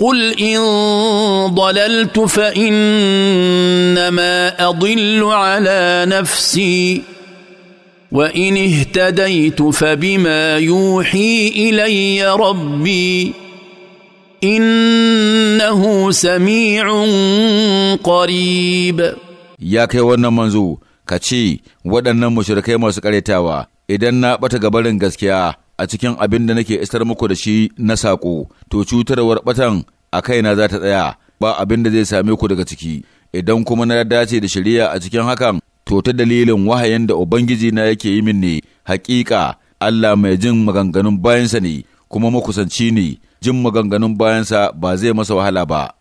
قل ان ضللت فانما اضل على نفسي وان اهتديت فبما يوحي الي ربي انه سميع قريب يا kai wannan manzo ka ce waɗannan mushrikai masu ƙaretawa idan na ɓata gabarin gaskiya a cikin abin da nake isar muku da shi na saƙo, to cutarwar batan a kaina za ta tsaya, ba abin da zai same ku daga ciki. Idan kuma na dace da shari'a a cikin hakan, to ta dalilin wahayin da Ubangiji na yake yi min ne, hakika Allah mai jin maganganun bayansa ne, kuma makusanci ne, jin maganganun bayansa ba zai masa wahala ba.